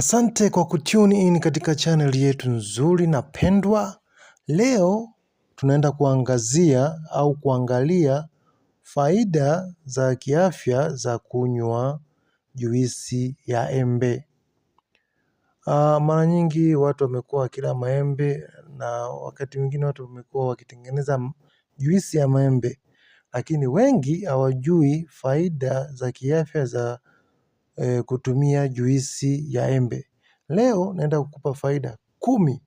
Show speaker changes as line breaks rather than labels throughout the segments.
Asante kwa kutune in katika channel yetu nzuri na pendwa. Leo tunaenda kuangazia au kuangalia faida za kiafya za kunywa juisi ya embe. Aa, ah, mara nyingi watu wamekuwa wakila maembe na wakati mwingine watu wamekuwa wakitengeneza juisi ya maembe, lakini wengi hawajui faida za kiafya za Eh, kutumia juisi ya embe. Leo naenda kukupa faida kumi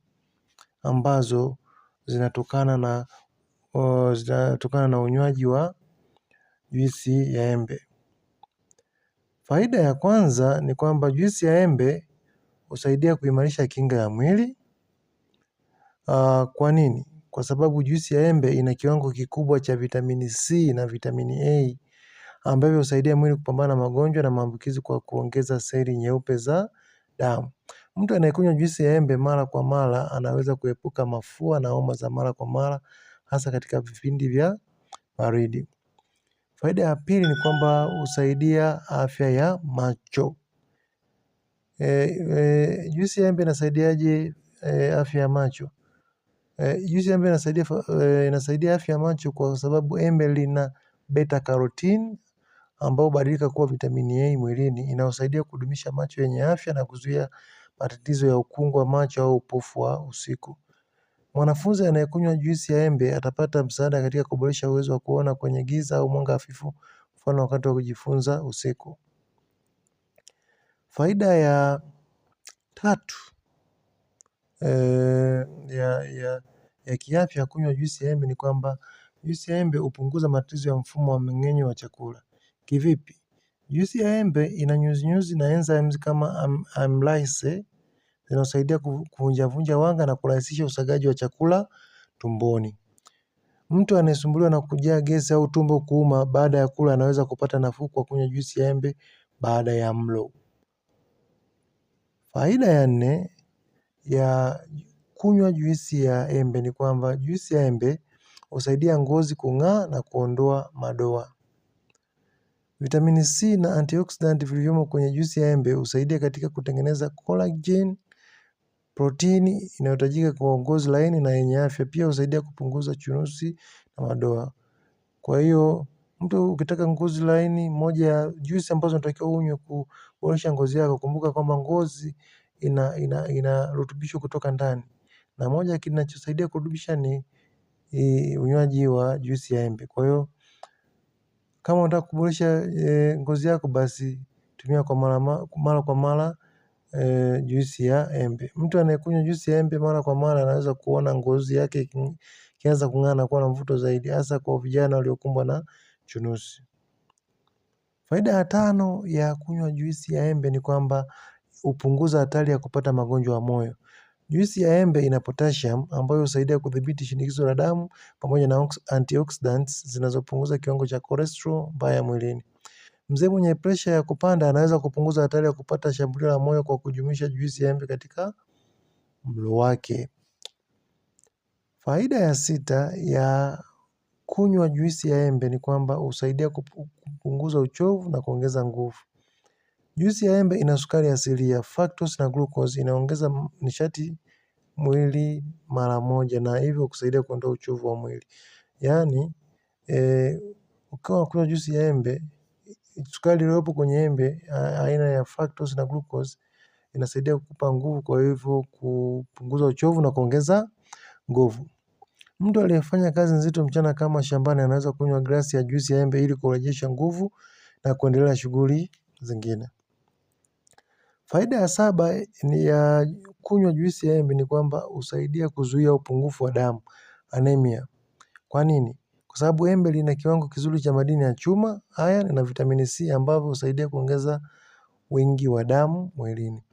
ambazo zinatokana na oh, zinatokana na unywaji wa juisi ya embe. Faida ya kwanza ni kwamba juisi ya embe husaidia kuimarisha kinga ya mwili. Uh, kwa nini? Kwa sababu juisi ya embe ina kiwango kikubwa cha vitamini C na vitamini A ambavyo husaidia mwili kupambana na magonjwa na maambukizi kwa kuongeza seli nyeupe za damu. Mtu anayekunywa juisi ya embe mara kwa mara anaweza kuepuka mafua na homa za mara kwa mara hasa katika vipindi vya baridi. Faida ya pili ni kwamba husaidia afya ya macho. E, e, juisi ya embe inasaidiaje e, afya ya macho? Juisi ya embe inasaidia afya ya macho kwa sababu embe lina beta carotene ambao hubadilika kuwa vitamini A mwilini inayosaidia kudumisha macho yenye afya na kuzuia matatizo ya ukungu wa macho au upofu wa usiku. Mwanafunzi anayekunywa juisi ya embe atapata msaada katika kuboresha uwezo wa kuona kwenye giza au mwanga hafifu mfano wakati wa kujifunza usiku. Faida ya tatu eh, ya kiafya ya kunywa juisi ya embe ni kwamba juisi ya embe hupunguza matatizo ya mfumo wa mmeng'enyo wa chakula. Kivipi? Juisi ya embe ina nyuzi na enzymes kama amylase zinasaidia kuvunjavunja wanga na kurahisisha usagaji wa chakula tumboni. Mtu anayesumbuliwa na kujaa gesi au tumbo kuuma baada ya kula anaweza kupata nafuu kwa kunywa juisi ya embe baada ya mlo. Faida ya nne ya kunywa juisi ya embe ni kwamba juisi ya embe husaidia ngozi kung'aa na kuondoa madoa. Vitamini C na antioxidant vilivyomo kwenye juisi ya embe husaidia katika kutengeneza collagen, protini inayohitajika kwa ngozi laini na yenye afya. Pia husaidia kupunguza chunusi na madoa. Kwa hiyo mtu ukitaka ngozi laini, moja ya juisi ambazo unatakiwa unywe kuboresha ngozi yako, kumbuka kwamba ngozi ina ina rutubisho kutoka ndani, na moja kinachosaidia kurutubisha ni unywaji wa juisi ya embe. Kwa hiyo kama unataka kuboresha eh, ngozi yako basi tumia kwa mara kwa mara eh, juisi ya embe. Mtu anayekunywa juisi ya embe mara kwa mara anaweza kuona ngozi yake ikianza kung'aa na kuwa na mvuto zaidi hasa kwa vijana waliokumbwa na chunusi. Faida ya tano ya kunywa juisi ya embe ni kwamba hupunguza hatari ya kupata magonjwa ya moyo. Juisi ya embe ina potassium ambayo husaidia kudhibiti shinikizo la damu pamoja na antioxidants zinazopunguza kiwango cha cholesterol mbaya mwilini. Mzee mwenye presha ya kupanda anaweza kupunguza hatari ya kupata shambulio la moyo kwa kujumuisha juisi ya embe katika mlo wake. Faida ya sita ya kunywa juisi ya embe ni kwamba husaidia kupunguza uchovu na kuongeza nguvu. Juisi ya embe ina sukari asilia, fructose na glucose, inaongeza nishati mwili mara moja na hivyo kusaidia kuondoa uchovu wa mwili. Yaani eh, ukiwa unakunywa juisi ya embe, sukari iliyopo kwenye embe aina ya fructose na glucose inasaidia kukupa nguvu, kwa hivyo kupunguza uchovu na kuongeza nguvu. Mtu aliyefanya kazi nzito mchana kama shambani anaweza kunywa glasi ya juisi ya embe ili kurejesha nguvu na kuendelea shughuli zingine. Faida ya saba ya kunywa juisi ya embe ni kwamba husaidia kuzuia upungufu wa damu anemia. Kwa nini? Kwa sababu embe lina kiwango kizuri cha madini ya chuma, iron na vitamini C ambavyo husaidia kuongeza wingi wa damu mwilini.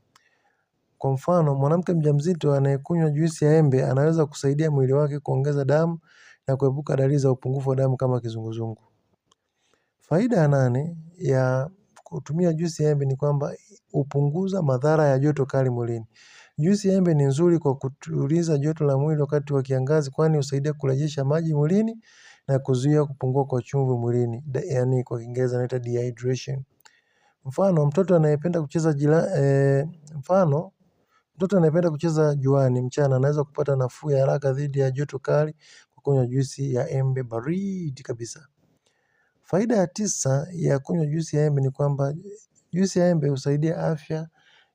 Kwa mfano, mwanamke mjamzito anayekunywa juisi ya embe anaweza kusaidia mwili wake kuongeza damu na kuepuka dalili za upungufu wa damu kama kizunguzungu. Faida ya nane ya kutumia juisi ya embe ni kwamba hupunguza madhara ya joto kali mwilini. Juisi ya embe ni nzuri kwa kutuliza joto la mwili wakati wa kiangazi kwani husaidia kurejesha maji mwilini na kuzuia kupungua kwa chumvi mwilini, yaani kwa Kiingereza inaitwa dehydration. Mfano, mtoto anayependa kucheza jila, e, mfano, mtoto anayependa kucheza juani mchana anaweza kupata nafuu ya haraka dhidi ya joto kali kwa kunywa juisi ya embe baridi kabisa. Faida ya tisa ya kunywa juisi ya embe ni kwamba juisi ya embe husaidia afya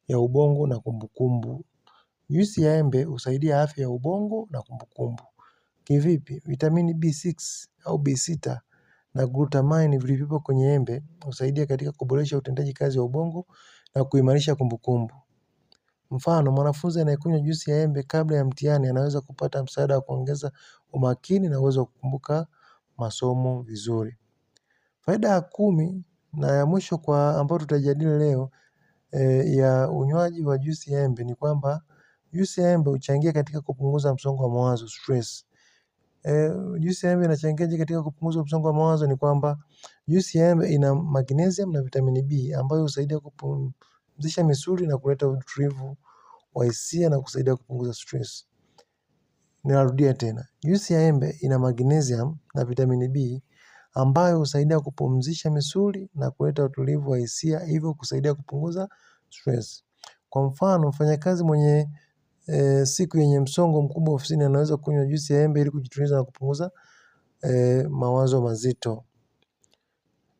ya ubongo na kumbukumbu. Juisi ya embe husaidia afya ya ubongo na kumbukumbu. Kivipi, vitamini B6 au B6 na glutamine vilivyopo kwenye embe husaidia katika kuboresha utendaji kazi wa ubongo na kuimarisha kumbukumbu. Mfano, mwanafunzi anayekunywa juisi ya embe kabla ya mtihani anaweza kupata msaada wa kuongeza umakini na uwezo wa kukumbuka masomo vizuri. Faida ya kumi na ya mwisho kwa ambayo tutajadili leo e, ya unywaji wa juisi ya embe ni kwamba juisi ya embe huchangia katika kupunguza msongo wa mawazo stress. E, Juisi ya embe inachangia katika kupunguza msongo wa mawazo ni kwamba juisi ya embe ina magnesium na vitamini B ambayo husaidia kupumzisha misuli na kuleta utulivu wa hisia na kusaidia kupunguza stress. Ninarudia tena, juisi ya embe ina magnesium na vitamini B ambayo husaidia kupumzisha misuli na kuleta utulivu wa hisia hivyo kusaidia kupunguza stress. Kwa mfano mfanyakazi mwenye e, siku yenye msongo mkubwa ofisini anaweza kunywa juisi ya embe ili kujituliza na kupunguza e, mawazo mazito.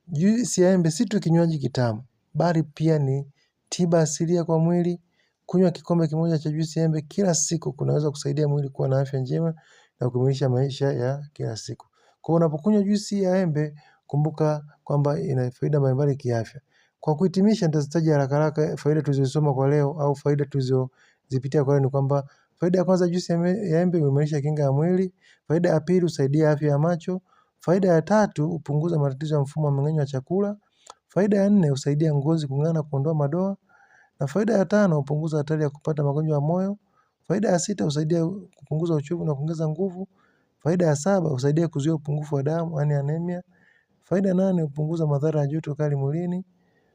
Juisi ya embe si tu kinywaji kitamu bali pia ni tiba asilia kwa mwili. Kunywa kikombe kimoja cha juisi ya embe kila siku kunaweza kusaidia mwili kuwa na afya njema na kuimarisha maisha ya kila siku. Kwa unapokunywa juisi ya embe, kumbuka kwamba ina faida mbalimbali kiafya. Kwa kuhitimisha nitazitaja haraka haraka faida tulizosoma kwa leo au faida tulizozipitia kwa leo ni kwamba faida ya kwanza juisi ya embe huimarisha kinga ya mwili, faida ya pili husaidia afya ya macho, faida ya tatu hupunguza matatizo ya mfumo wa mmeng'enyo wa chakula, faida ya nne husaidia ngozi kung'aa na kuondoa madoa, na faida ya tano hupunguza hatari ya kupata magonjwa ya moyo, faida ya sita husaidia kupunguza uchovu na kuongeza nguvu, Faida ya saba husaidia kuzuia upungufu wa damu yani anemia. Faida ya nane hupunguza madhara ya joto kali mwilini.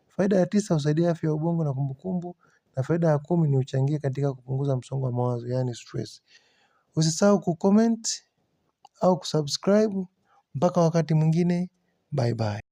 Faida ya tisa husaidia afya ya ubongo na kumbukumbu na faida ya kumi ni huchangia katika kupunguza msongo wa mawazo yaani stress. Usisahau kucomment au kusubscribe mpaka wakati mwingine bye bye.